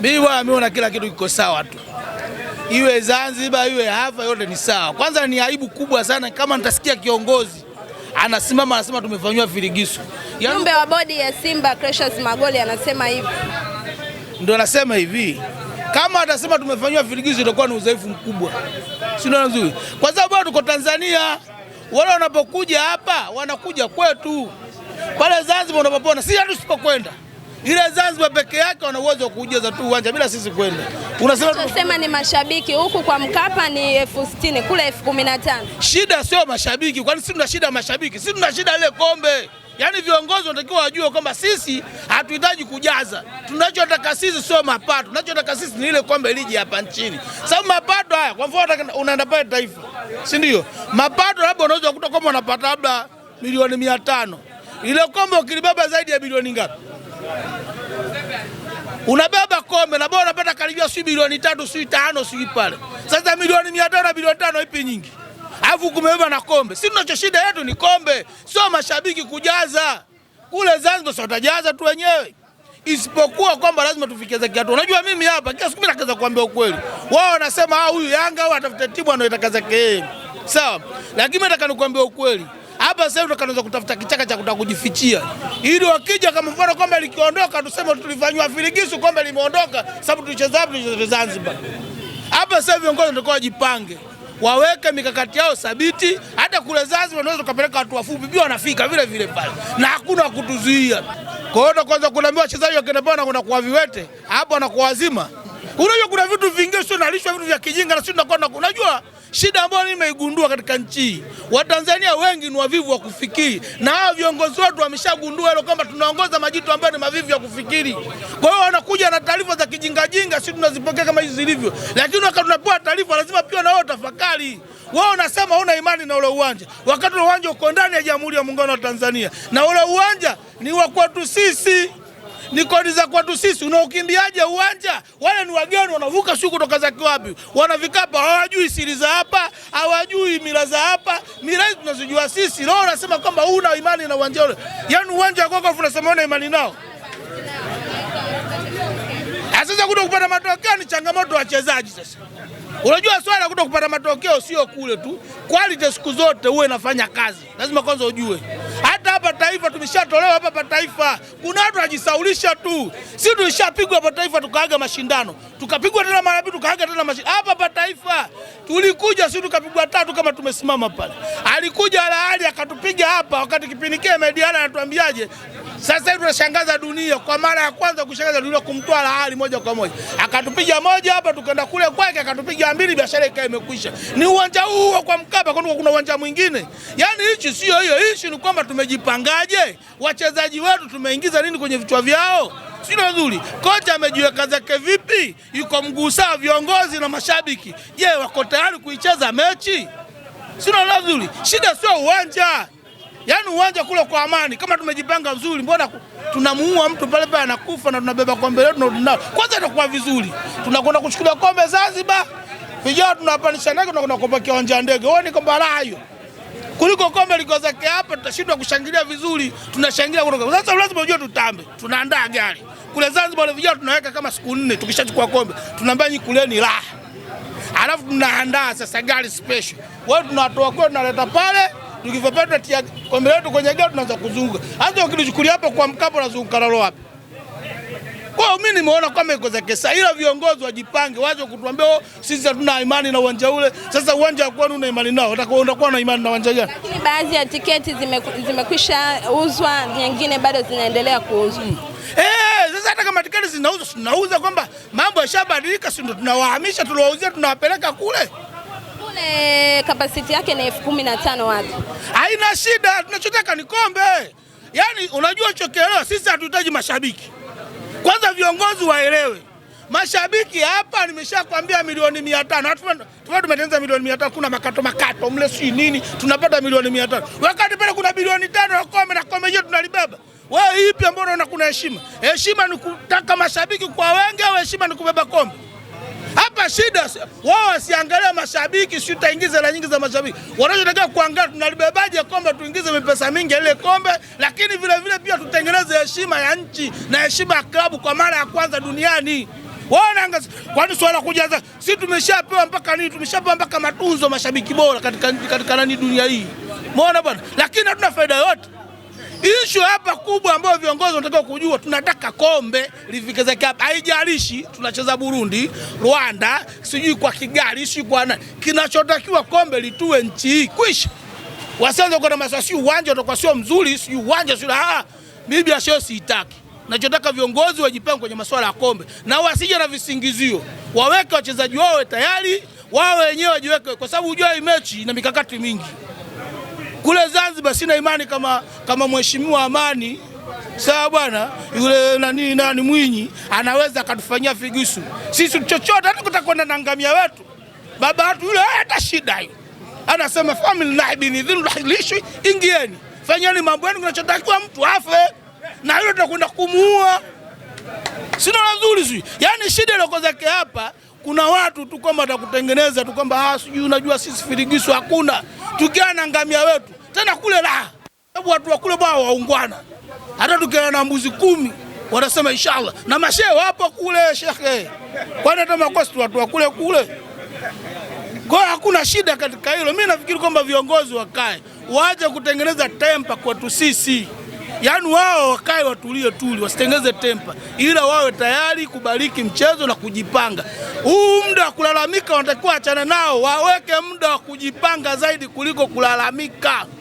Mimi bwana, miona kila kitu kiko sawa tu, iwe Zanzibar iwe hapa, yote ni sawa. Kwanza ni aibu kubwa sana kama nitasikia kiongozi anasimama anasema tumefanyiwa viligisu. Yaani Jumbe wa bodi ya Simba Precious Magoli anasema hivi, ndio anasema hivi, kama atasema tumefanyiwa viligisu itakuwa ni udhaifu mkubwa, si ndio? Nzuri, kwa sababu tuko Tanzania, wale wanapokuja hapa wanakuja kwetu. Pale Zanzibar si sisi hatusipokwenda ile Zanzibar peke yake wana uwezo wa kujaza tu uwanja bila sisi kwenda. Unasema tunasema ni mashabiki huku kwa Mkapa ni elfu sitini kule elfu kumi na tano. Shida sio mashabiki, kwani sisi tuna shida ya mashabiki? Sisi tuna shida ile kombe. Yaani viongozi wanatakiwa wajue kwamba sisi hatuhitaji kujaza. Tunachotaka sisi sio mapato, tunachotaka sisi ni ile kombe liji hapa nchini. Sababu mapato haya, kwa mfano unaenda pale Taifa, si ndio? Mapato labda unaweza kukuta kwamba unapata labda milioni mia tano ile kombe ukilibeba zaidi ya bilioni ngapi? unabeba kombe na bora unapata karibia si bilioni tatu si tano si pale. Sasa milioni mia tano na bilioni tano ipi nyingi? Alafu kumebeba na kombe, si tunacho shida yetu ni kombe, sio mashabiki kujaza kule Zanzibar, sio tutajaza tu wenyewe, isipokuwa kwamba lazima tufikie zake Unajua mimi hapa kila siku mimi kuambia ukweli, wao wanasema ah, huyu Yanga au atafuta timu anaitaka zake yeye, sawa, lakini nataka nikuambia ukweli hapa sasa tunaanza kutafuta kichaka cha kutaka kujifichia, ili wakija kama mfano kombe likiondoka, tuseme tulifanywa filigisu, kombe limeondoka sababu tulicheza hapo, tulicheza Zanzibar. Hapa sasa viongozi ndio wajipange, waweke mikakati yao thabiti. Hata kule Zanzibar unaweza tukapeleka watu wafupi, pia wanafika vile vile pale na hakuna kutuzuia. Kwa hiyo kwanza kunaambia wachezaji wakienda pale na kuna kuwa viwete hapo, wanakuwa wazima Unajua kuna vitu vingine sio nalishwa vitu vya kijinga na sio tunakuwa na unajua shida ambayo nimeigundua katika nchi. hii. Watanzania wengi ni wavivu wa kufikiri na hao viongozi wetu wameshagundua hilo kwamba tunaongoza majitu ambayo ni mavivu ya kufikiri. Kwa hiyo wanakuja na taarifa za kijinga jinga, sisi tunazipokea kama hizi zilivyo. Lakini wakati tunapewa taarifa lazima pia na wao tafakari. Wao unasema una imani na ule uwanja. Wakati ule uwanja uko ndani ya Jamhuri ya Muungano wa Tanzania na ule uwanja ni wa kwetu sisi ni kodi za kwetu sisi. Unaokimbiaje uwanja? Wale ni wageni wanavuka siku kutoka kiwapi? wapi, wanavikapa, hawajui siri za hapa, hawajui mila za hapa. Mila hizi tunazijua sisi. Leo unasema kwamba una imani na uwanja ule, yaani uwanja wako unasema una imani nao. Sasa kuto kupata matokeo ni changamoto ya wachezaji. Sasa unajua swala kuto kupata matokeo sio kule tu, quality siku zote uwe nafanya kazi, lazima kwanza ujue hata hapa taifa tumeshatolewa hapa hapa taifa. Kuna watu wajisaulisha tu, si tulishapigwa hapa taifa tukaaga mashindano tukapigwa tena mara mbili tukaaga tena mashindano hapa hapa taifa. Tulikuja si tukapigwa tatu kama tumesimama pale, alikuja Al Ahly akatupiga hapa, wakati kipindi kile Mediala anatuambiaje sasa hivi tunashangaza dunia kwa mara ya kwanza kushangaza dunia, kumtoa Lahali moja kwa moja, akatupiga moja hapa, tukaenda kule kwake akatupiga mbili, biashara ikae imekwisha. Ni uwanja huo kwa Mkapa, kwani kuna uwanja mwingine? Yaani hichi sio hiyo, hichi ni kwamba tumejipangaje, wachezaji wetu tumeingiza nini kwenye vichwa vyao sio nzuri. Kocha amejiweka zake vipi? Yuko mguu sawa, viongozi na mashabiki, je, wako tayari kuicheza mechi? Sio nzuri. Shida sio uwanja Yaani uwanja kule kwa amani, kama tumejipanga vizuri, mbona tunamuua mtu pale pale anakufa na tunabeba kombe letu tunalo. Kwanza itakuwa vizuri, tunakwenda kuchukua kombe Zanzibar, vijana tunapandisha ndege, tunakwenda kuomba kiwanja ndege. Wewe ni kombe raha hiyo kuliko kombe liko zake hapa, tutashindwa kushangilia vizuri. Tunashangilia kutoka sasa, lazima ujue tutambe. Tunaandaa gari kule Zanzibar, wale vijana tunaweka kama siku nne, tukishachukua kombe tunaambia nyinyi kuleni raha, alafu tunaandaa sasa gari special, wewe tunatoa kwetu, tunaleta pale tukivapata tia kombe letu kwenye gari, tunaanza kuzunguka. Hata ukilichukulia hapo kwa mkapo, unazunguka nalo wapi? Kwa hiyo mimi nimeona kama iko za kesa, ila viongozi wajipange, waje kutuambia oh, sisi hatuna imani na uwanja ule. Sasa uwanja wa kwenu una imani nao, utakuwa na imani na uwanja gani? Lakini baadhi ya tiketi zimekwisha zime uzwa, nyingine bado zinaendelea kuuzwa. Hmm. Eh, sasa hata kama tiketi zinauzwa, tunauza kwamba mambo yashabadilika, si ndio? Tunawahamisha, tuliwauzia, tunawapeleka kule. Nyingine kapasiti yake ni elfu kumi na tano watu. Haina shida, tunachotaka ni kombe. Yaani unajua chokielewa, sisi hatuhitaji mashabiki. Kwanza viongozi waelewe mashabiki hapa, nimeshakwambia milioni mia tano tuna tumetengeneza milioni mia tano kuna makato makato mle si nini, tunapata milioni mia tano wakati pale kuna bilioni tano ya kombe na kombe yetu tunalibeba. Wewe ipi ambao unaona kuna heshima? Heshima ni kutaka mashabiki kwa wengi au heshima ni kubeba kombe? hapa shida wao wasiangalia mashabiki, si tutaingiza hela nyingi za mashabiki. Wanachotakiwa kuangalia tunalibebaje kombe, tuingize mipesa mingi ile kombe, lakini vilevile pia tutengeneze heshima ya nchi na heshima ya klabu kwa mara ya kwanza duniani. Wana kwani swala kujaza, si tumeshapewa mpaka nini? Tumeshapewa mpaka matunzo mashabiki bora katika katika nani dunia hii, muona bwana, lakini hatuna faida yote. Issue hapa kubwa ambayo viongozi wanatakiwa kujua, tunataka kombe lifikeze hapa, haijalishi tunacheza Burundi, Rwanda, sijui kwa Kigali, sijui kwa nani. Kinachotakiwa kombe litue nchi hii kwisha. Wasianze kwa maswali, si uwanja utakuwa sio mzuri, si uwanja sio. Ah, mimi ah. sio siitaki. Nachotaka viongozi wajipange kwenye masuala ya kombe na wasije na visingizio, waweke wachezaji wao tayari, wao wenyewe wajiweke, kwa sababu unajua hii mechi ina mikakati mingi. Kule Zanzibar sina imani kama, kama mheshimiwa Amani sawa bwana yule nani nani Mwinyi anaweza akatufanyia figisu sisi chochote, hata kutakwenda na ngamia wetu baba watu yule eh, hata shida hiyo. Anasema family nahbinidhilishwi, ingieni fanyeni mambo yenu, kinachotakiwa mtu afe na yule tutakwenda kumuua, sina lazuri sui. Yani shida iliyokozake hapa kuna watu tu kwamba atakutengeneza tu kwamba ah, sijui, unajua sisi firigiso hakuna, tukiwa na ngamia wetu tena kule la hebu watu wa kule bwana waungwana, hata tukiwa na mbuzi kumi wanasema inshallah, na mashehe wapo kule shekhe, kwani hata makosi watu wa kule kule. Kwa hakuna shida katika hilo. Mimi nafikiri kwamba viongozi wakae waje kutengeneza tempa kwetu sisi, yaani wao wakae watulie tuli, wasitengeneze tempa, ila wawe tayari kubariki mchezo na kujipanga huu muda wa kulalamika wanatakiwa achane nao, waweke muda wa kujipanga zaidi kuliko kulalamika.